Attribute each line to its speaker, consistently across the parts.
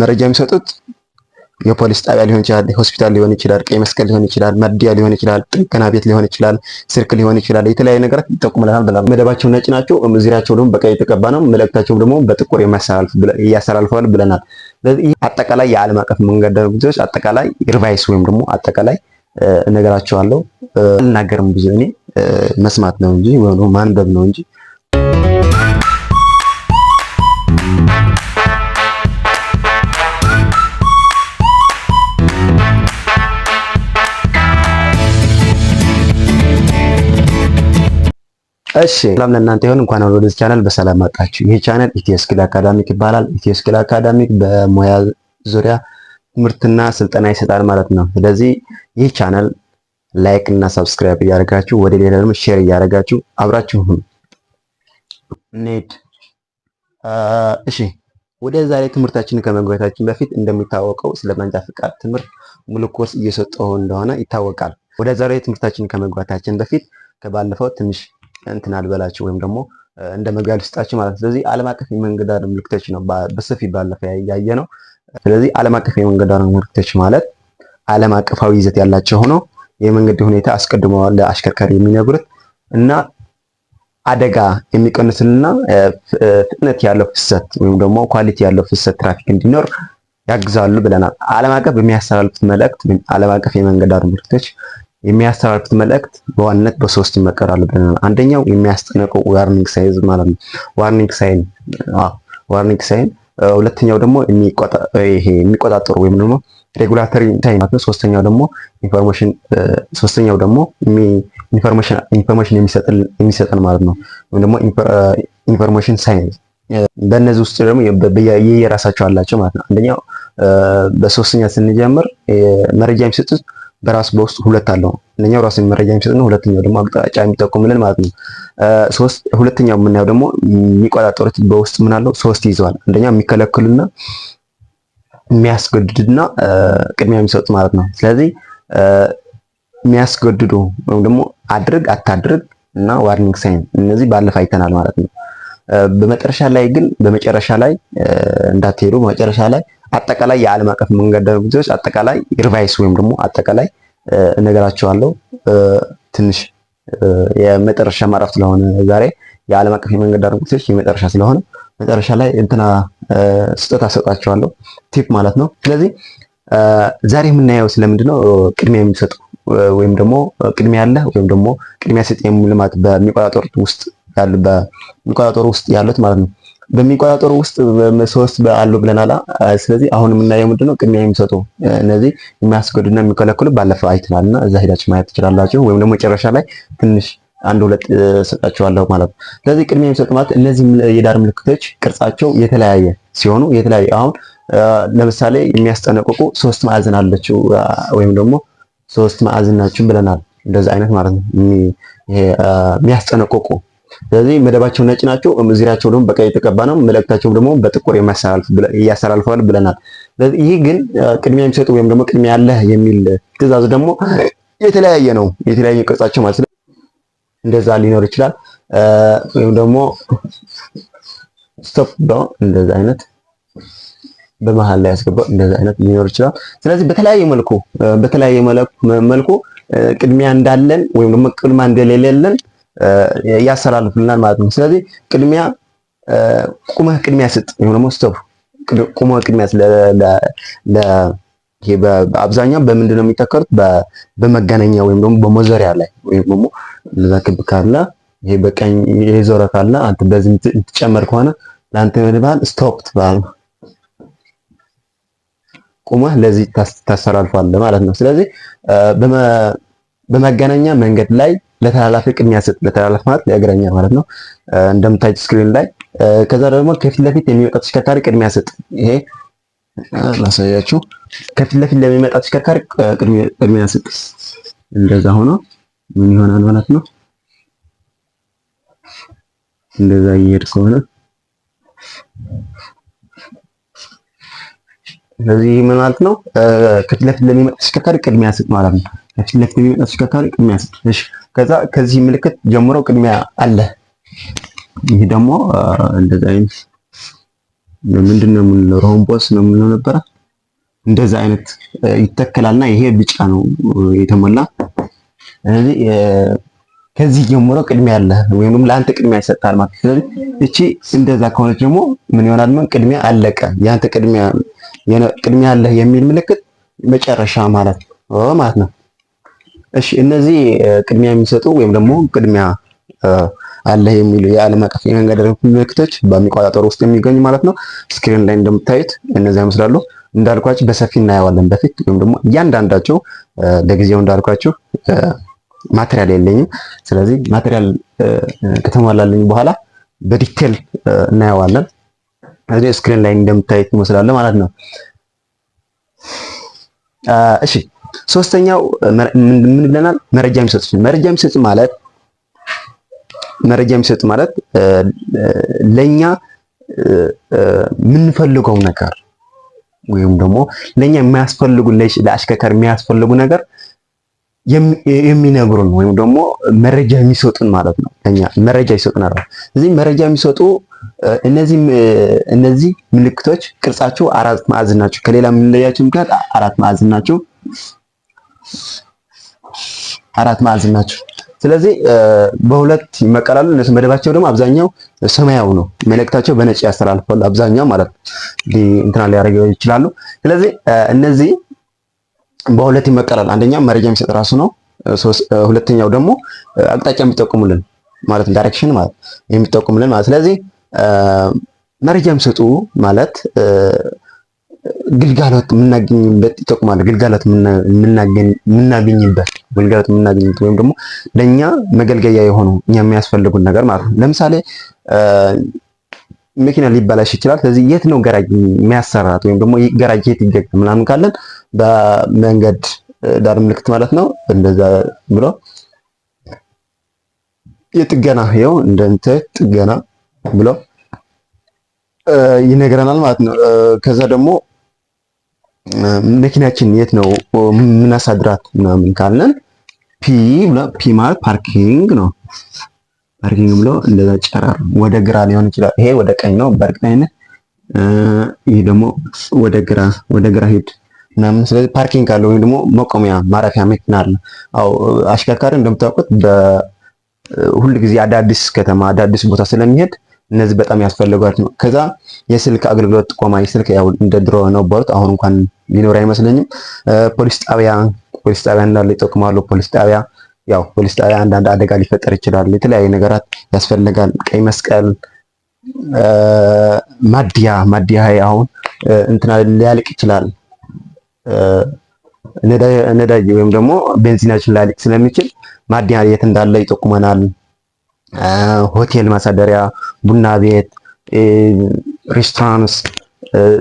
Speaker 1: መረጃ የሚሰጡት የፖሊስ ጣቢያ ሊሆን ይችላል፣ ሆስፒታል ሊሆን ይችላል፣ ቀይ መስቀል ሊሆን ይችላል፣ መድያ ሊሆን ይችላል፣ ጥገና ቤት ሊሆን ይችላል፣ ስርክ ሊሆን ይችላል። የተለያዩ ነገራት ይጠቁምልናል ብላ መደባቸው ነጭ ናቸው፣ ዙሪያቸው ደግሞ በቀይ የተቀባ ነው፣ መልእክታቸውም ደግሞ በጥቁር ያስተላልፈዋል ብለናል። ስለዚህ አጠቃላይ የዓለም አቀፍ መንገድ ድርጅቶች አጠቃላይ ሪቫይስ ወይም ደግሞ አጠቃላይ እነግራቸዋለሁ። አልናገርም ብዙ እኔ መስማት ነው እንጂ ወይ ማንበብ ነው እንጂ እሺ ሰላም ለእናንተ ይሁን። እንኳን ወደ ዚህ ቻናል በሰላም መጣችሁ። ይህ ቻናል ኢትዮ አካዳሚክ ይባላል። ኢትዮ አካዳሚክ በሙያ ዙሪያ ትምህርትና ስልጠና ይሰጣል ማለት ነው። ስለዚህ ይህ ቻናል ላይክ እና ሰብስክራይብ እያደረጋችሁ ወደ ሌላ ደግሞ ሼር እያደረጋችሁ አብራችሁ ኔድ እሺ፣ ወደ ዛሬ ትምህርታችን ከመግባታችን በፊት እንደሚታወቀው ስለ መንጃ ፍቃድ ትምህርት ሙሉ ኮርስ እየሰጠሁ እንደሆነ ይታወቃል። ወደ ዛሬ ትምህርታችን ከመግባታችን በፊት ከባለፈው ትንሽ እንትን አልበላቸው ወይም ደግሞ እንደ መግቢያ ልስጣችሁ ማለት ነው። ስለዚህ ዓለም አቀፍ የመንገድ ዳር ምልክቶች ነው በሰፊ ባለፈ ያየ ነው። ስለዚህ ዓለም አቀፍ የመንገድ ዳር ምልክቶች ማለት ዓለም አቀፋዊ ይዘት ያላቸው ሆኖ የመንገድ ሁኔታ አስቀድሞ ለአሽከርካሪ የሚነግሩት እና አደጋ የሚቀንስልና ፍጥነት ያለው ፍሰት ወይም ደግሞ ኳሊቲ ያለው ፍሰት ትራፊክ እንዲኖር ያግዛሉ ብለናል። ዓለም አቀፍ በሚያስተላልፉት መልእክት ዓለም አቀፍ የመንገድ ዳር ምልክቶች የሚያስተላልፉት መልእክት በዋነት በሶስት ይመቀራሉ ብለናል። አንደኛው የሚያስጠነቀው ዋርኒንግ ሳይዝ ማለት ነው። ዋርኒንግ ሳይን ዋርኒንግ ሳይን። ሁለተኛው ደግሞ ይሄ የሚቆጣጠሩ ወይም ደግሞ ሬጉላተሪ ሳይን ማለት ነው። ሶስተኛው ደግሞ ኢንፎርሜሽን ሶስተኛው ደግሞ ኢንፎርሜሽን ኢንፎርሜሽን የሚሰጠን ማለት ነው። ወይም ደግሞ ኢንፎርሜሽን ሳይንስ በእነዚህ ውስጥ ደግሞ የየራሳቸው አላቸው ማለት ነው። አንደኛው በሶስተኛ ስንጀምር መረጃ የሚሰጡት በራስ በውስጥ ሁለት አለው። አንደኛው ራስን መረጃ ነው። ሁለተኛው ደግሞ አቅጣጫ የሚጠቁምልን ማለት ነው። ሶስት ሁለተኛው የምናየው ደግሞ የሚቆጣጠሩት በውስጥ ምን አለው? ሶስት ይዘዋል። አንደኛው የሚከለክሉና የሚያስገድድና ቅድሚያ የሚሰጡ ማለት ነው። ስለዚህ የሚያስገድዱ ወይም ደግሞ አድርግ አታድርግ እና ዋርኒንግ ሳይን እነዚህ ባለፈ አይተናል ማለት ነው። በመጨረሻ ላይ ግን በመጨረሻ ላይ እንዳትሄዱ በመጨረሻ ላይ አጠቃላይ የዓለም አቀፍ መንገድ ድርጅቶች አጠቃላይ ሪቫይስ ወይም ደግሞ አጠቃላይ እነግራቸዋለሁ። ትንሽ የመጨረሻ ማዕረፍ ስለሆነ ዛሬ የዓለም አቀፍ የመንገድ ድርጅቶች የመጨረሻ ስለሆነ መጨረሻ ላይ እንትና ስጦታ ሰጣቸዋለሁ፣ ቲፕ ማለት ነው። ስለዚህ ዛሬ የምናየው ስለምንድን ነው ቅድሚያ የሚሰጡ ወይም ደግሞ ቅድሚያ ያለ ወይም ደግሞ ቅድሚያ ሰጥ የሙልማት በሚቆጣጠሩት ውስጥ ያሉት ማለት ነው በሚቆጣጠሩ ውስጥ ሶስት አሉ ብለናል። ስለዚህ አሁን የምናየው ምንድነው ቅድሚያ የሚሰጡ እነዚህ የሚያስገዱና የሚከለክሉ ባለፈው አይተናል እና እዛ ሄዳችሁ ማየት ትችላላችሁ። ወይም ደግሞ መጨረሻ ላይ ትንሽ አንድ ሁለት ሰጣችኋለሁ ማለት ነው። ስለዚህ ቅድሚያ የሚሰጡ ማለት እነዚህ የዳር ምልክቶች ቅርጻቸው የተለያየ ሲሆኑ የተለያየ አሁን ለምሳሌ የሚያስጠነቅቁ ሶስት ማዕዘን አለችው ወይም ደግሞ ሶስት ማዕዘን ናችሁ ብለናል። እንደዚህ አይነት ማለት ነው የሚያስጠነቅቁ ስለዚህ መደባቸው ነጭ ናቸው፣ ዙሪያቸው ደግሞ በቀይ የተቀባ ነው። መልእክታቸው ደግሞ በጥቁር እያስተላልፈዋል ብለናል። ይህ ግን ቅድሚያ የሚሰጡ ወይም ደግሞ ቅድሚያ ያለ የሚል ትእዛዝ ደግሞ የተለያየ ነው። የተለያየ ቅርጻቸው ማለት ነው። እንደዛ ሊኖር ይችላል። ወይም ደግሞ ስቶፕ ዳውን እንደዛ አይነት በመሃል ላይ ያስገባ እንደዛ አይነት ሊኖር ይችላል። ስለዚህ በተለያየ መልኩ በተለያየ መልኩ ቅድሚያ እንዳለን ወይም ደግሞ ቅድሚያ እንደሌለን ያስተላልፍልናል ማለት ነው። ስለዚህ ቅድሚያ ቁመህ ቅድሚያ ስጥ ወይም ደግሞ ስተቡ ቁመህ ቅድሚያ አብዛኛው በምንድን ነው የሚተከሉት? በመገናኛ ወይም ደግሞ በሞዘሪያ ላይ ወይም ደግሞ ለዛ ክብ ካለ ይሄ በቀኝ ይሄ ዞረ ካለ አንተ በዚህ የምትጨመር ከሆነ ለአንተ ይባል ስቶፕ ትባል ቁመህ ለዚህ ታስተላልፋለህ ማለት ነው። ስለዚህ በመገናኛ መንገድ ላይ ለተላላፊ ቅድሚያ ሰጥ ለተላላፊ ማለት ለእግረኛ ማለት ነው፣ እንደምታዩት ስክሪን ላይ። ከዛ ደግሞ ከፊት ለፊት የሚመጣ ተሽከርካሪ ቅድሚያ ሰጥ ይሄ ላሳያችሁ። ከፊት ለፊት ለሚመጣ ተሽከርካሪ ቅድሚያ ሰጥ እንደዛ ሆኖ ምን ይሆናል ማለት ነው? እንደዛ ይሄድ ከሆነ ስለዚህ ምን ማለት ነው? ከፊት ለፊት ለሚመጣ ተሽከርካሪ ቅድሚያ ሰጥ ማለት ነው። ፊት ለፊት የሚመጣ ተሽከርካሪ ቅድሚያ ስጥ። እሺ፣ ከዛ ከዚህ ምልክት ጀምሮ ቅድሚያ አለ። ይህ ደግሞ እንደዛ አይነት ምንድን ነው የምንለው? ሮምቦስ ነው የምንለው ነበረ። እንደዛ አይነት ይተከላልና ይሄ ቢጫ ነው የተሞላ። ስለዚህ ከዚህ ጀምሮ ቅድሚያ አለ ወይም ደግሞ ለአንተ ቅድሚያ ይሰጣል ማለት። ስለዚህ እቺ እንደዛ ከሆነች ደግሞ ምን ይሆናል? ምን ቅድሚያ አለቀ። ያንተ ቅድሚያ ቅድሚያ አለ የሚል ምልክት መጨረሻ ማለት ማለት ነው። እሺ እነዚህ ቅድሚያ የሚሰጡ ወይም ደግሞ ቅድሚያ አለ የሚሉ የዓለም አቀፍ የመንገድ ምልክቶች በሚቆጣጠሩ ውስጥ የሚገኙ ማለት ነው። ስክሪን ላይ እንደምታዩት እነዚያ ይመስላሉ። እንዳልኳችሁ በሰፊ እናየዋለን በፊት ወይም ደግሞ እያንዳንዳቸው ለጊዜው እንዳልኳችሁ ማቴሪያል የለኝም። ስለዚህ ማቴሪያል ከተሟላልኝ በኋላ በዲቴል እናየዋለን። እዚህ ስክሪን ላይ እንደምታዩት ይመስላል ማለት ነው። እሺ ሶስተኛው ምን ብለናል? መረጃ የሚሰጥ መረጃ የሚሰጥ ማለት መረጃ የሚሰጥ ማለት ለኛ የምንፈልገው ነገር ወይም ደግሞ ለኛ የሚያስፈልጉ ለአሽከርካሪ የሚያስፈልጉ ነገር የሚነግሩን ወይም ደግሞ መረጃ የሚሰጡን ማለት ነው። ለኛ መረጃ ይሰጡናል። እዚህ መረጃ የሚሰጡ እነዚህ እነዚህ ምልክቶች ቅርጻቸው አራት ማዕዘን ናቸው። ከሌላ የምንለያቸው ምክንያት አራት ማዕዘን ናቸው። አራት ማዕዘን ናቸው። ስለዚህ በሁለት ይመቀላሉ። እነሱ መደባቸው ደግሞ አብዛኛው ሰማያዊ ነው። መልእክታቸው በነጭ ያስተላልፋሉ አብዛኛው ማለት ነው። እንትና ሊያደርገው ይችላሉ። ስለዚህ እነዚህ በሁለት ይመቀላሉ። አንደኛው መረጃ የሚሰጥ ራሱ ነው። ሁለተኛው ደግሞ አቅጣጫ የሚጠቁሙልን ማለት ዳይሬክሽን ማለት የሚጠቁሙልን ማለት ስለዚህ መረጃ የሚሰጡ ማለት ግልጋሎት የምናገኝበት ይጠቁማል። ግልጋሎት የምናገኝበት ግልጋሎት የምናገኝበት ወይም ደግሞ ለእኛ መገልገያ የሆኑ እኛ የሚያስፈልጉን ነገር ማለት ነው። ለምሳሌ መኪና ሊበላሽ ይችላል። ስለዚህ የት ነው ገራጅ የሚያሰራት ወይም ደግሞ ገራጅ የት ይገኛል ምናምን ካለን በመንገድ ዳር ምልክት ማለት ነው። እንደዛ ብሎ የጥገና ይኸው እንደንተ ጥገና ብሎ ይነግረናል ማለት ነው። ከዛ ደግሞ መኪናችን የት ነው ምናሳድራት ምናምን ካለን ፒ ብሎ ፒ ማለት ፓርኪንግ ነው። ፓርኪንግ ብሎ እንደዛ ጨረር ወደ ግራ ሊሆን ይችላል። ይሄ ወደ ቀኝ ነው በእርግጠኝነት። ይሄ ደግሞ ወደ ግራ ወደ ግራ ሂድ ምናምን። ስለዚህ ፓርኪንግ አለ ወይም ደግሞ መቆሚያ ማረፊያ መኪና አለ። አዎ አሽከርካሪ እንደምታውቁት በሁል ጊዜ አዳዲስ ከተማ አዳዲስ ቦታ ስለሚሄድ እነዚህ በጣም ያስፈልጓት ነው። ከዛ የስልክ አገልግሎት ጥቆማ፣ የስልክ ያው እንደ ድሮ ነበሩት አሁን እንኳን ሊኖር አይመስለኝም። ፖሊስ ጣቢያ ፖሊስ ጣቢያ እንዳለ ይጠቁማሉ። ፖሊስ ጣቢያ ያው ፖሊስ ጣቢያ አንዳንድ አደጋ ሊፈጠር ይችላል። የተለያዩ ነገራት ያስፈልጋል። ቀይ መስቀል፣ ማዲያ ማዲያ አሁን እንትና ሊያልቅ ይችላል። ነዳጅ ወይም ደግሞ ቤንዚናችን ሊያልቅ ስለሚችል ማዲያ የት እንዳለ ይጠቁመናል። ሆቴል ማሳደሪያ፣ ቡና ቤት፣ ሬስቶራንስ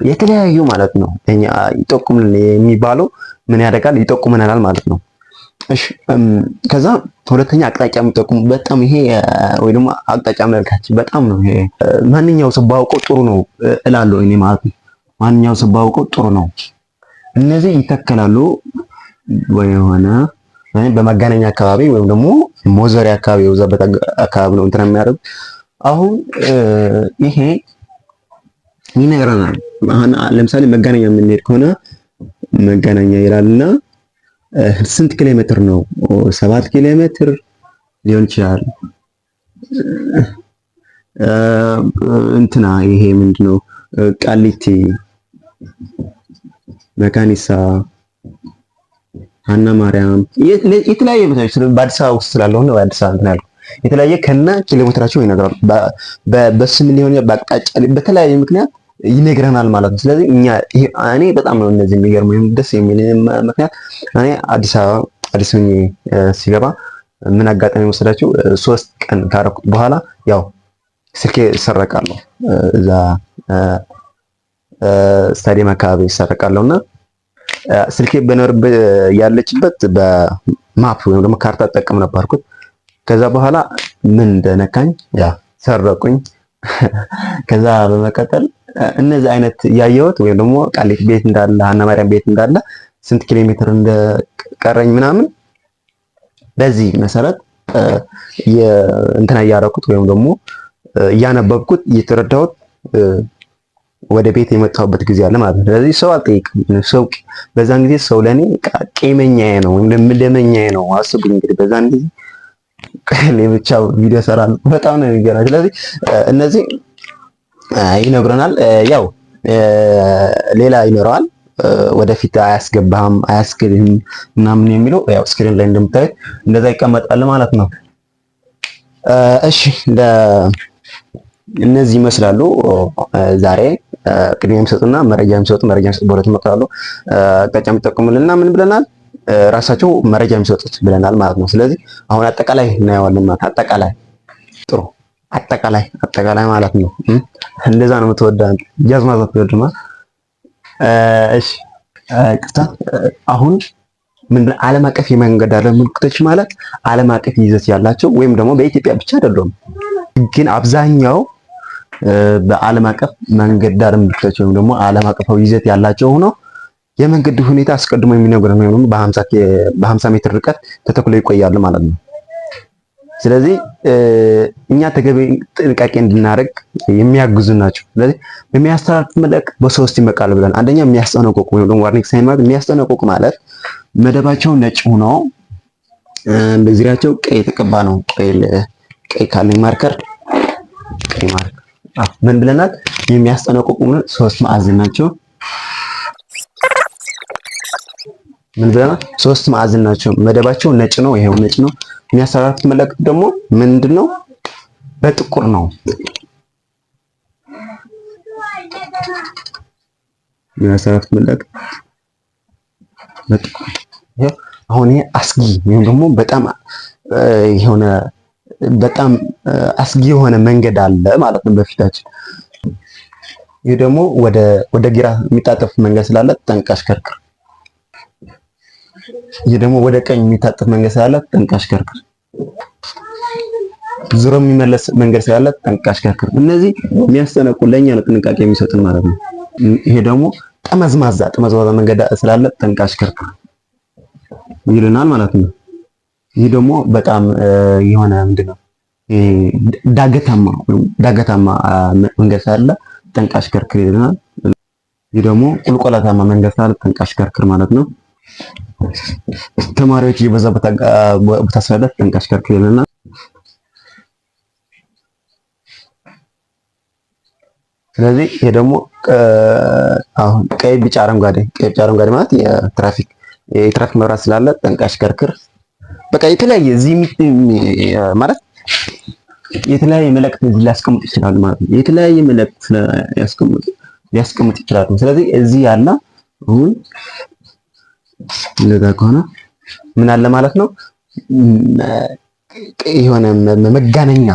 Speaker 1: የተለያዩ ማለት ነው እኛ ይጠቁምን የሚባለው ምን ያደርጋል ይጠቁመናል ማለት ነው። እሺ ከዛ ሁለተኛ አቅጣጫ የሚጠቁሙ በጣም ይሄ ወይ ደግሞ አቅጣጫ መልካችን በጣም ነው ይሄ ማንኛው ሰው ባውቀው ጥሩ ነው እላለሁ እኔ ማለት ነው። ማንኛው ሰው ባውቀው ጥሩ ነው። እነዚህ ይተከላሉ ወይ የሆነ በመገናኛ አካባቢ ወይም ደግሞ ሞዘሪያ አካባቢ የበዛበት አካባቢ ነው እንትን የሚያደርጉት አሁን ይሄ ይነግረናል። ለምሳሌ መገናኛ የምንሄድ ከሆነ መገናኛ ይላልና ስንት ኪሎ ሜትር ነው? ሰባት ኪሎ ሜትር ሊሆን ይችላል። እንትና ይሄ ምንድነው? ቃሊቲ፣ መካኒሳ፣ አና ማርያም የተለያየ ቦታዎች በአዲስ አበባ ውስጥ ስላለሆነ በአዲስ አበባ እንትን ያልኩት የተለያየ ከና ኪሎ ሜትራቸው ይነግራል። በስም ሊሆን በአቅጣጫ በተለያየ ምክንያት ይነግረናል ማለት ነው። ስለዚህ እኛ እኔ በጣም ነው እነዚህ የሚገርመው ደስ የሚል ምክንያት እኔ አዲስ አበባ አዲስ ሆኜ ሲገባ ምን አጋጣሚ የወሰዳችሁ ሶስት ቀን ካረኩ በኋላ ያው ስልኬ ይሰረቃለሁ እዛ ስታዲየም አካባቢ ይሰረቃለሁ እና ስልኬ በኖርብ ያለችበት በማፕ ወይም ደግሞ ካርታ ጠቀም ነበርኩት። ከዛ በኋላ ምን እንደነካኝ ያ ሰረቁኝ። ከዛ በመቀጠል እነዚህ አይነት ያየሁት ወይም ደግሞ ቃሊቲ ቤት እንዳለ ሀና ማርያም ቤት እንዳለ ስንት ኪሎ ሜትር እንደቀረኝ ምናምን በዚህ መሰረት እንትና እያረኩት ወይም ደግሞ እያነበብኩት እየተረዳሁት ወደ ቤት የመጣሁበት ጊዜ አለ ማለት ነው። ስለዚህ ሰው አልጠይቅም። ሰው በዛን ጊዜ ሰው ለእኔ ቂመኛዬ ነው ወይም ለምለመኛዬ ነው። አስቡኝ እንግዲህ በዛን ጊዜ እኔ ብቻ ቪዲዮ ሰራለሁ። በጣም ነው የሚገርመው። ስለዚህ እነዚህ ይነግረናል። ያው ሌላ ይኖረዋል። ወደፊት አያስገባህም አያስገድህም ምናምን የሚለው ያው ስክሪን ላይ እንደምታዩት እንደዛ ይቀመጣል ማለት ነው። እሺ እነዚህ ይመስላሉ ዛሬ ቅድሚያ የሚሰጡና መረጃ የሚሰጡ መረጃ የሚሰጡ በሁለት ይመክራሉ። አቅጣጫ የሚጠቁሙልንና ምን ብለናል? ራሳቸው መረጃ የሚሰጡት ብለናል ማለት ነው። ስለዚህ አሁን አጠቃላይ እናየዋለን ማለት አጠቃላይ ጥሩ አጠቃላይ አጠቃላይ ማለት ነው። እንደዛ ነው የምትወዳን ጃዝማዛ ትወድማ። እሺ ቅርታ አሁን ምን ዓለም አቀፍ የመንገድ ዳር ምልክቶች ማለት ዓለም አቀፍ ይዘት ያላቸው ወይም ደግሞ በኢትዮጵያ ብቻ አይደለም፣ ግን አብዛኛው በዓለም አቀፍ መንገድ ዳር ምልክቶች ወይም ደግሞ ዓለም አቀፋዊ ይዘት ያላቸው ሆኖ የመንገድ ሁኔታ አስቀድሞ የሚነግረን ነው። በ50 ሜትር ርቀት ተተክሎ ይቆያል ማለት ነው። ስለዚህ እኛ ተገቢ ጥንቃቄ እንድናደርግ የሚያግዙ ናቸው። ስለዚህ በሚያስተላልፍ መልእክት በሶስት ይመቃል ብለን አንደኛ የሚያስጠነቆቁ ወይም ደግሞ ዋርኒንግ ሳይን ማለት የሚያስጠነቆቁ ማለት መደባቸው ነጭ ሆኖ በዙሪያቸው ቀይ የተቀባ ነው። ቀይ ካለኝ ማርከር ቀይ ማርከር ምን ብለናል? የሚያስጠነቆቁ ሶስት ማዕዘን ናቸው። ምን ብለና ሶስት ማዕዘን ናቸው። መደባቸው ነጭ ነው። ይሄው ነጭ ነው። የሚያሰራሩት መለከት ደግሞ ምንድን ነው? በጥቁር ነው። የሚያሰራሩት መለከት በጥቁር አሁን ይሄ አስጊ ወይም ደግሞ በጣም የሆነ በጣም አስጊ የሆነ መንገድ አለ ማለት ነው በፊታችን። ይህ ደግሞ ወደ ግራ የሚጣጠፍ መንገድ ስላለ ጠንቅ አሽከርክር። ይህ ደግሞ ወደ ቀኝ የሚታጠፍ መንገድ ስላለ ጠንቅ አሽከርክር። ዙሮ የሚመለስ መንገድ ስላለ ጠንቅ አሽከርክር። እነዚህ የሚያስጠነቁ ለኛ ነው ጥንቃቄ የሚሰጥን ማለት ነው። ይሄ ደግሞ ጠመዝማዛ ጠመዝማዛ መንገድ ስላለ ጠንቅ አሽከርክር ይልናል ማለት ነው። ይህ ደግሞ በጣም የሆነ ምንድነው ዳገታማ ዳገታማ መንገድ ስላለ ጠንቃሽ አሽከርክር ይልናል። ይህ ደግሞ ቁልቆላታማ መንገድ ስላለ ጠንቅ ከርክር ማለት ነው። ተማሪዎች እየበዛ ቦታ ስላለ ተጠንቃሽ ከርክልና ስለዚህ ይሄ ደግሞ አሁን ቀይ፣ ቢጫ፣ አረንጓዴ ቀይ፣ ቢጫ፣ አረንጓዴ ማለት የትራፊክ የትራፊክ መብራት ስላለ ተጠንቃሽ ከርክር በቃ የተለያየ እዚህ ማለት የተለያየ መልእክት እዚህ ሊያስቀምጡ ይችላሉ ማለት ነው። የተለያየ መልእክት ሊያስቀምጡ ይችላሉ። ስለዚህ እዚህ ያለ አሁን እንደዛ ከሆነ ምን አለ ማለት ነው የሆነ መጋነኛ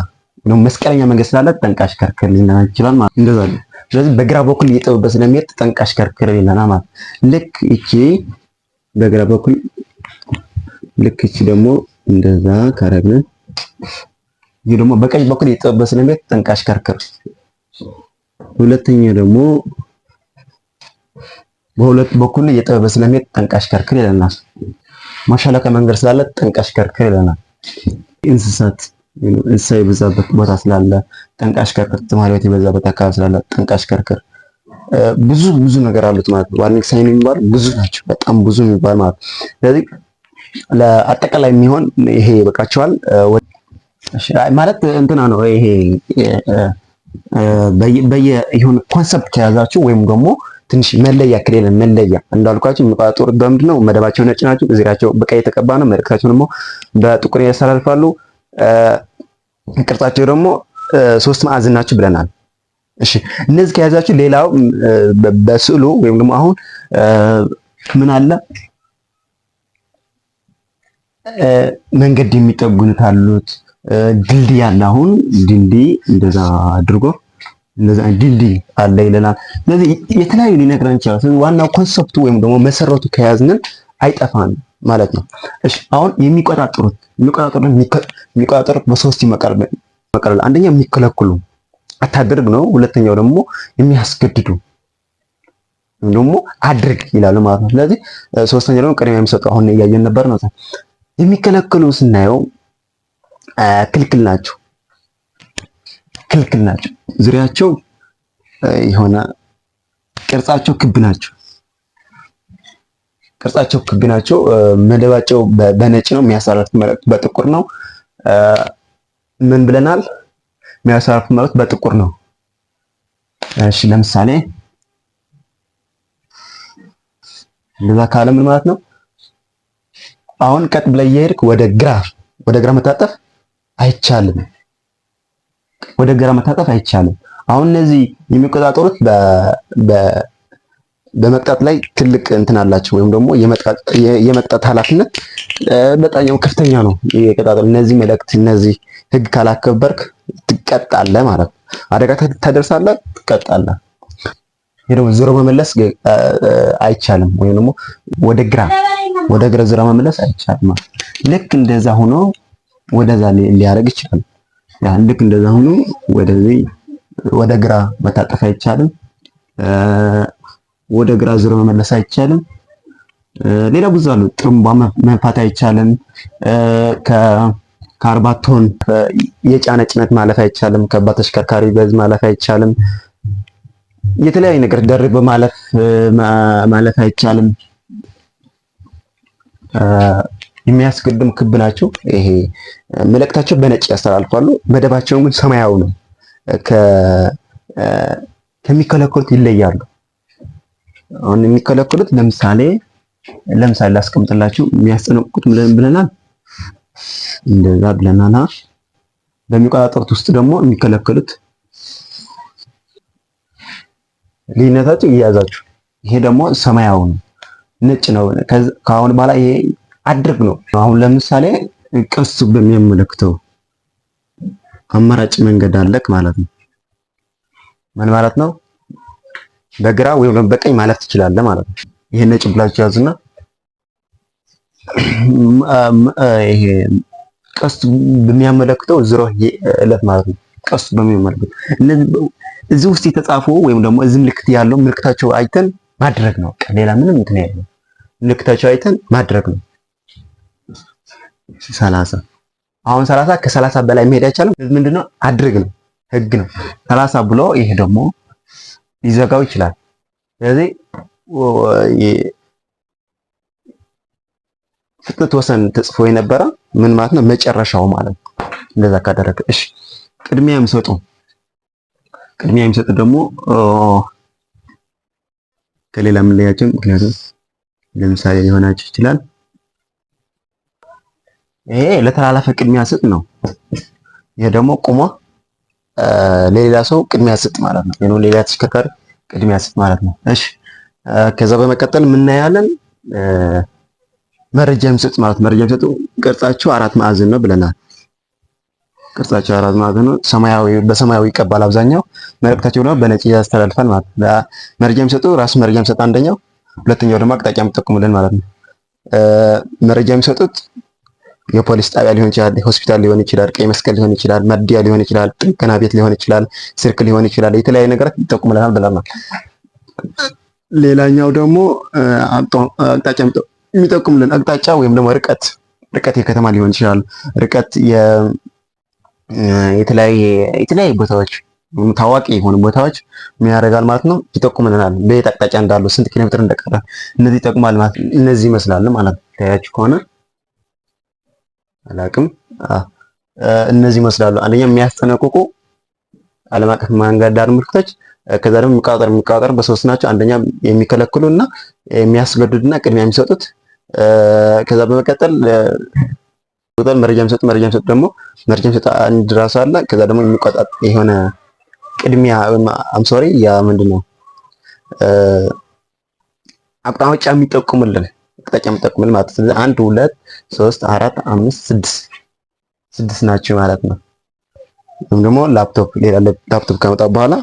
Speaker 1: ነው መስቀለኛ መንገድ ስላለ ጠንቃሽ ከርክር ሊና ይችላል ማለት እንደዛ ነው። ስለዚህ በግራ በኩል እየጠበበ ስለሚሄድ ጠንቃሽ ከርክር ሊለና ማለት ልክ እቺ በግራ በኩል ልክ እቺ ደግሞ እንደዛ ካረግን ይህ ደግሞ በቀኝ በኩል እየጠበበ ስለሚሄድ ጠንቃሽ ከርክር ሁለተኛ ደግሞ በሁለት በኩል የጥበብ ስለሜ ጠንቃሽ ከርክር ይለናል። ማሻለቂያ መንገድ ስላለ ጠንቃሽ ከርክር ይለናል። እንስሳት እንስሳ የበዛበት ቦታ ስላለ ጠንቃሽ ከርክር፣ ተማሪዎች የበዛበት አካባቢ ስላለ ጠንቃሽ ከርክር ብዙ ብዙ ነገር አሉት ማለት ነው። ዋርኒንግ ሳይን የሚባል ብዙ ናቸው፣ በጣም ብዙ የሚባል ማለት ነው። ስለዚህ ለአጠቃላይ የሚሆን ይሄ ይበቃቸዋል ማለት እንትና ነው። ይሄ በየ ይሁን ኮንሰፕት ከያዛችሁ ወይም ደግሞ ትንሽ መለያ ክሌለ መለያ እንዳልኳቸው የሚቆጣጠሩ በምንድን ነው? መደባቸው ነጭ ናቸው። ዙሪያቸው በቀይ የተቀባ ነው። መልእክታቸው ደግሞ በጥቁር ያስተላልፋሉ። ቅርጻቸው ደግሞ ሶስት ማዕዘን ናቸው ብለናል። እሺ እነዚህ ከያዛችሁ ሌላው በስዕሉ ወይም ደግሞ አሁን ምን አለ መንገድ የሚጠጉኑት አሉት ድልድይ ያለ አሁን ድልድይ እንደዛ አድርጎ እንደዛ ድልድይ አለ ይለናል። ስለዚህ የተለያዩ ሊነግረን ይችላል። ስለዚህ ዋናው ኮንሰፕቱ ወይም ደግሞ መሰረቱ ከያዝንን አይጠፋን ማለት ነው። እሺ አሁን የሚቆጣጥሩት የሚቆጣጠሩት የሚቆጣጠሩት በሶስት ይመቀላል። አንደኛ የሚከለክሉ አታድርግ ነው። ሁለተኛው ደግሞ የሚያስገድዱ ደግሞ አድርግ ይላሉ ማለት ነው። ስለዚህ ሶስተኛው ደግሞ ቅድሚያ የሚሰጡ አሁን እያየን ነበር ነው። የሚከለክሉ ስናየው ክልክል ናቸው ክልክል ናቸው። ዙሪያቸው የሆነ ቅርጻቸው ክብ ናቸው። ቅርጻቸው ክብ ናቸው። መደባቸው በነጭ ነው። የሚያሳርፉት መልእክት በጥቁር ነው። ምን ብለናል? የሚያሳርፉት መልእክት በጥቁር ነው። እሺ፣ ለምሳሌ እንደዛ ካለ ምን ማለት ነው? አሁን ቀጥ ብለህ እየሄድክ ወደ ግራ ወደ ግራ መታጠፍ አይቻልም። ወደ ግራ መታጠፍ አይቻልም። አሁን እነዚህ የሚቆጣጠሩት በመቅጣት ላይ ትልቅ እንትን አላቸው ወይም ደግሞ የመቅጣት ኃላፊነት በጣም ከፍተኛ ነው። የቀጣጠሩ እነዚህ መልእክት እነዚህ ህግ ካላከበርክ ትቀጣለህ ማለት አደጋ ታደርሳለህ፣ ትቀጣለህ። ይሄ ደግሞ ዞሮ መመለስ አይቻልም ወይም ደግሞ ወደ ግራ ወደ ግራ ዞሮ መመለስ አይቻልም። ልክ እንደዛ ሆኖ ወደዛ ሊያደርግ ይችላል። ልክ እንደዛ ሆኖ ወደዚህ ወደ ግራ መታጠፍ አይቻልም። ወደ ግራ ዙር መመለስ አይቻልም። ሌላ ብዙ አሉ። ጥሩምባ መንፋት አይቻልም። ከአርባ ቶን የጫነ ጭነት ማለፍ አይቻልም። ከባድ ተሽከርካሪ በዝ ማለፍ አይቻልም። የተለያዩ ነገር ደርብ ማለፍ ማለፍ አይቻልም። የሚያስገድም ክብ ናቸው። ይሄ መልእክታቸው በነጭ ያስተላልፋሉ። መደባቸውን ግን ሰማያዊ ነው። ከሚከለከሉት ይለያሉ። አሁን የሚከለከሉት ለምሳሌ ለምሳሌ ላስቀምጥላችሁ የሚያስጠነቅቁት ብለናል፣ እንደዛ ብለናና በሚቆጣጠሩት ውስጥ ደግሞ የሚከለከሉት ልዩነታቸው ይያዛችሁ። ይሄ ደግሞ ሰማያዊ ነው፣ ነጭ ነው። ከአሁን በኋላ ይሄ አድርግ ነው። አሁን ለምሳሌ ቀሱ በሚያመለክተው አማራጭ መንገድ አለክ ማለት ነው። ምን ማለት ነው? በግራ ወይም በቀኝ ማለፍ ትችላለ ማለት ነው። ይሄ ነጭ ብላችሁ ያዙና ይሄ ቀስቱ በሚያመለክተው ዝሮ እለት ማለት ነው። ቀስቱ በሚያመለክተው እዚህ ውስጥ የተጻፉ ወይም ደግሞ እዚህ ምልክት ያለው ምልክታቸው አይተን ማድረግ ነው። ሌላ ምንም እንትን ያለው ምልክታቸው አይተን ማድረግ ነው። ሰላሳ አሁን ሰላሳ ከሰላሳ በላይ መሄድ አይቻልም። ምንድነው አድርግ ነው ህግ ነው ሰላሳ ብሎ ይሄ ደግሞ ሊዘጋው ይችላል። ስለዚህ ፍጥነት ወሰን ተጽፎ የነበረ ምን ማለት ነው? መጨረሻው ማለት ነው። እንደዛ ካደረገ እሺ፣ ቅድሚያ የሚሰጡ ቅድሚያ የሚሰጡ ደግሞ ከሌላ ምን ለያቸው? ምክንያቱም ለምሳሌ ሊሆናቸው ይችላል ይሄ ለተላለፈ ቅድሚያ ስጥ ነው። ይሄ ደግሞ ቁሞ ለሌላ ሰው ቅድሚያ ስጥ ማለት ነው። ይሄ ሌላ ተሽከርካሪ ቅድሚያ ስጥ ማለት ነው። እሺ፣ ከዛ በመቀጠል የምናያለን መረጃ የሚሰጥ ማለት መረጃ የሚሰጡ ቅርጻቸው አራት ማዕዘን ነው ብለናል። ቅርጻቸው አራት ማዕዘን ነው። ሰማያዊ በሰማያዊ ይቀባል አብዛኛው መልእክታቸው ደግሞ በነጭ ያስተላልፋል ማለት ነው። መረጃ የሚሰጡ ራሱ መረጃ የሚሰጥ አንደኛው፣ ሁለተኛው ደግሞ አቅጣጫ የሚጠቁምልን ማለት ነው። መረጃ የሚሰጡት የፖሊስ ጣቢያ ሊሆን ይችላል፣ ሆስፒታል ሊሆን ይችላል፣ ቀይ መስቀል ሊሆን ይችላል፣ መድያ ሊሆን ይችላል፣ ጥገና ቤት ሊሆን ይችላል፣ ስርክ ሊሆን ይችላል። የተለያዩ ነገራት ይጠቁምልናል ብለናል። ሌላኛው ደግሞ አቅጣጫ የሚጠቁምልን አቅጣጫ ወይም ደግሞ ርቀት ርቀት የከተማ ሊሆን ይችላል፣ ርቀት የተለያዩ ቦታዎች ታዋቂ የሆኑ ቦታዎች ምን ያደርጋል ማለት ነው ይጠቁምልናል። በየት አቅጣጫ እንዳሉ ስንት ኪሎ ሜትር እንደቀረ እነዚህ ይጠቁማል ማለት እነዚህ ይመስላል ማለት ታያችሁ ከሆነ አላቅም። እነዚህ ይመስላሉ። አንደኛ የሚያስጠነቅቁ ዓለም አቀፍ የማንገዳር ምልክቶች፣ ከዛ ደግሞ የሚቆጣጠር የሚቆጣጠር በሶስት ናቸው። አንደኛ የሚከለክሉና የሚያስገድዱና ቅድሚያ የሚሰጡት፣ ከዛ በመቀጠል ቁጥር መረጃ የሚሰጡ መረጃ የሚሰጡ ደግሞ መረጃ የሚሰጡ አንድ ራሱ አለ። ከዛ ደግሞ የሚቆጣጠር የሆነ ቅድሚያ ሶሪ ያ ምንድን ነው አቅጣጫ የሚጠቁምልን አቅጣጫ የሚጠቁምልን ማለት አንድ ሁለት ሶስት፣ አራት፣ አምስት፣ ስድስት ስድስት ናቸው ማለት ነው። ወይም ደግሞ ላፕቶፕ ሌላ ላፕቶፕ ከመጣ በኋላ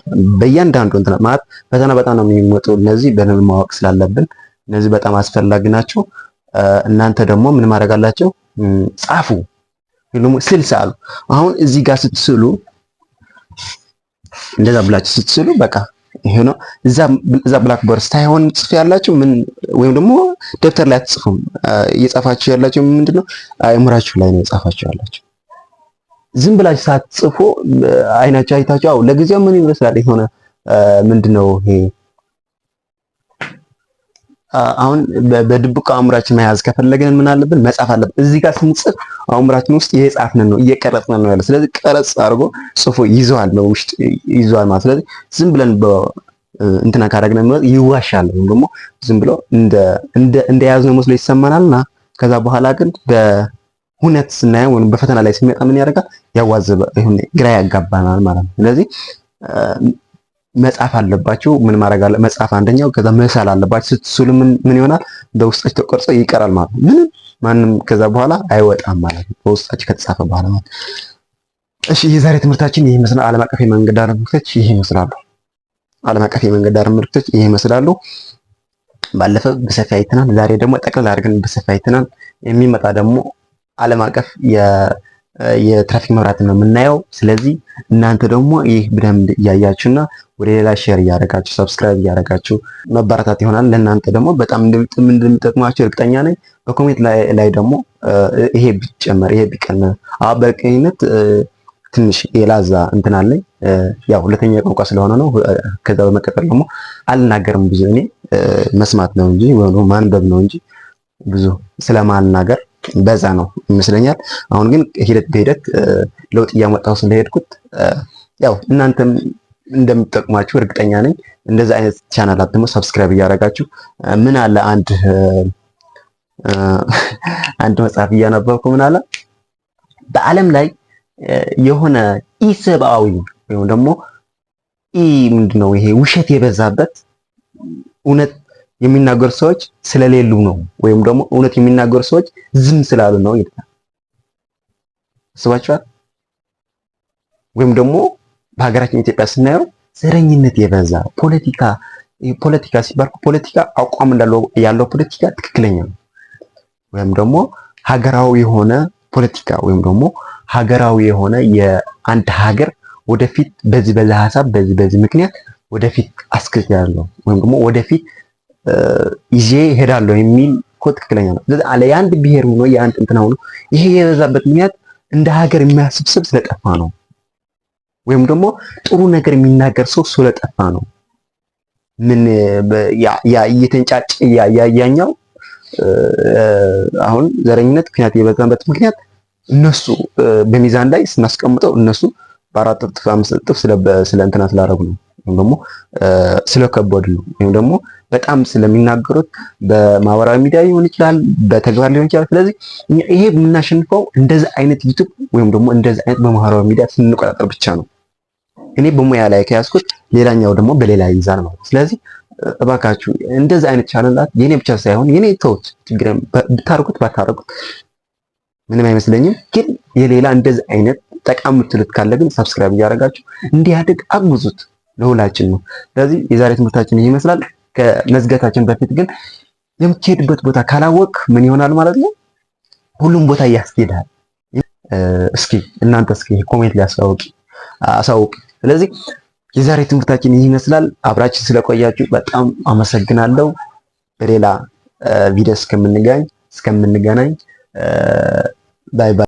Speaker 1: በእያንዳንዱ እንትና ማለት ፈተና በጣም ነው የሚመጡ እነዚህ በደንብ ማወቅ ስላለብን እነዚህ በጣም አስፈላጊ ናቸው። እናንተ ደግሞ ምን ማድረግ አላቸው ጻፉ፣ ወይም ደግሞ ስል አሁን እዚህ ጋር ስትስሉ እንደዛ ብላችሁ ስትስሉ በቃ ይሄ ነው። እዛ ብላክቦርድ ሳይሆን ጽፍ ያላችሁ ምን ወይም ደግሞ ደብተር ላይ አትጽፉም። እየጻፋችሁ ያላችሁ ምንድነው አእምራችሁ ላይ ነው የጻፋችሁ ያላችሁ። ዝም ብላችሁ ሳትጽፉ አይናችሁ አይታችሁ አው ለጊዜው ምን ይመስላል የሆነ ምንድነው ይሄ አሁን በድብቅ አእምሯችን መያዝ ከፈለግን ምን አለብን መጻፍ አለብን። እዚህ ጋር ስንጽፍ አእምሯችን ውስጥ የጻፍነን ነው እየቀረጽነን ነው ያለ። ስለዚህ ቀረጽ አድርጎ ጽፎ ይዘዋል ነው ውስጥ ይዘዋል ማለት። ስለዚህ ዝም ብለን እንትና ካደረግነን ነው ይዋሻል ወይም ደግሞ ዝም ብሎ እንደ እንደ እንደያዝነው መስሎ ይሰማናልና ከዛ በኋላ ግን በሁነት ስናየው ወይም በፈተና ላይ ሲመጣ ምን ያደርጋል ያዋዘበ ይሁን ግራ ያጋባናል ማለት ነው። ስለዚህ መጻፍ አለባችሁ። ምን ማድረግ አለ መጻፍ አንደኛው፣ ከዛ መሳል አለባችሁ። ስትስሉ ምን ምን ይሆናል? በውስጣችሁ ተቆርጾ ይቀራል ማለት ነው። ምንም ማንም ከዛ በኋላ አይወጣም ማለት ነው፣ በውስጣችሁ ከተጻፈ በኋላ ማለት እሺ የዛሬ ትምህርታችን ይህ ይመስላል። ዓለም አቀፍ የመንገድ ዳር ምልክቶች ይህ ይመስላሉ። ዓለም አቀፍ የመንገድ ዳር ምልክቶች ይህ ይመስላሉ። ባለፈ በሰፊ አይተናል። ዛሬ ደግሞ ጠቅላላ አድርገን በሰፊ አይተናል። የሚመጣ ደግሞ ዓለም አቀፍ የ የትራፊክ መብራት ነው የምናየው። ስለዚህ እናንተ ደግሞ ይህ በደንብ እያያችሁና ወደ ሌላ ሼር እያደረጋችሁ ሰብስክራይብ እያደረጋችሁ መበረታት ይሆናል። ለእናንተ ደግሞ በጣም እንደሚጠቅማችሁ እርግጠኛ ነኝ። በኮሜንት ላይ ደግሞ ይሄ ቢጨመር ይሄ ቢቀነ በእርግጠኝነት ትንሽ የላዛ እንትን አለኝ። ያው ሁለተኛ ቋንቋ ስለሆነ ነው። ከዛ በመቀጠል ደግሞ አልናገርም ብዙ እኔ መስማት ነው እንጂ ማንበብ ነው እንጂ ብዙ ስለማልናገር በዛ ነው ይመስለኛል። አሁን ግን ሂደት በሂደት ለውጥ እያመጣሁ ስለሄድኩት ያው እናንተም እንደምትጠቅማችሁ እርግጠኛ ነኝ። እንደዛ አይነት ቻናል ደግሞ ሰብስክራይብ እያደረጋችሁ ምን አለ አንድ አንድ መጽሐፍ እያነበብኩ ምን አለ በዓለም ላይ የሆነ ኢሰብአዊ ወይም ደግሞ ኢ ምንድነው ይሄ ውሸት የበዛበት እውነት የሚናገሩ ሰዎች ስለሌሉ ነው፣ ወይም ደግሞ እውነት የሚናገሩ ሰዎች ዝም ስላሉ ነው ይላል። አስባችኋል? ወይም ደግሞ በሀገራችን ኢትዮጵያ ስናየው ዘረኝነት የበዛ ፖለቲካ ፖለቲካ ሲባል ፖለቲካ አቋም እንዳለው ያለው ፖለቲካ ትክክለኛ ነው፣ ወይም ደግሞ ሀገራዊ የሆነ ፖለቲካ ወይም ደግሞ ሀገራዊ የሆነ የአንድ ሀገር ወደፊት በዚህ በዛ ሀሳብ በዚህ በዚህ ምክንያት ወደፊት አስከቻለሁ ወይም ደግሞ ወደፊት ይዤ ይሄዳለሁ የሚል እኮ ትክክለኛ ነው። ስለዚህ አለ የአንድ ብሔር ሆኖ የአንድ እንትና ሆኖ ይሄ የበዛበት ምክንያት እንደ ሀገር የሚያስብስብ ስለጠፋ ነው፣ ወይም ደግሞ ጥሩ ነገር የሚናገር ሰው ስለጠፋ ነው። ምን እየተንጫጭ ያኛው አሁን ዘረኝነት ምክንያት የበዛበት ምክንያት እነሱ በሚዛን ላይ ስናስቀምጠው እነሱ በአራት እጥፍ አምስት እጥፍ ስለ እንትና ስላደረጉ ነው። ወይም ደግሞ ስለከበዱ ወይም ደግሞ በጣም ስለሚናገሩት በማህበራዊ ሚዲያ ሊሆን ይችላል፣ በተግባር ሊሆን ይችላል። ስለዚህ ይሄ የምናሸንፈው እንደዚህ አይነት ዩቱብ ወይም ደግሞ እንደዚህ አይነት በማህበራዊ ሚዲያ ስንቆጣጠር ብቻ ነው። እኔ በሙያ ላይ ከያዝኩት ሌላኛው ደግሞ በሌላ ይይዛል ማለት። ስለዚህ እባካችሁ እንደዚህ አይነት ቻናላት የኔ ብቻ ሳይሆን የኔ ተውት፣ ችግር ብታርጉት ባታርጉት ምንም አይመስለኝም። ግን የሌላ እንደዚህ አይነት ጠቃሚ ምትሉት ካለ ግን ሰብስክራይብ እያደረጋችሁ እንዲያድግ አግዙት። ለሁላችን ነው። ስለዚህ የዛሬ ትምህርታችን ይህ ይመስላል። ከመዝጋታችን በፊት ግን የምትሄድበት ቦታ ካላወቅ ምን ይሆናል ማለት ነው? ሁሉም ቦታ ያስኬድሃል። እስኪ እናንተ እስኪ ኮሜንት ላይ አሳውቂ ስለዚህ የዛሬ ትምህርታችን ይህ ይመስላል። አብራችን ስለቆያችሁ በጣም አመሰግናለሁ። በሌላ ቪዲዮ እስከምንገናኝ እስከምንገናኝ ባይ ባይ።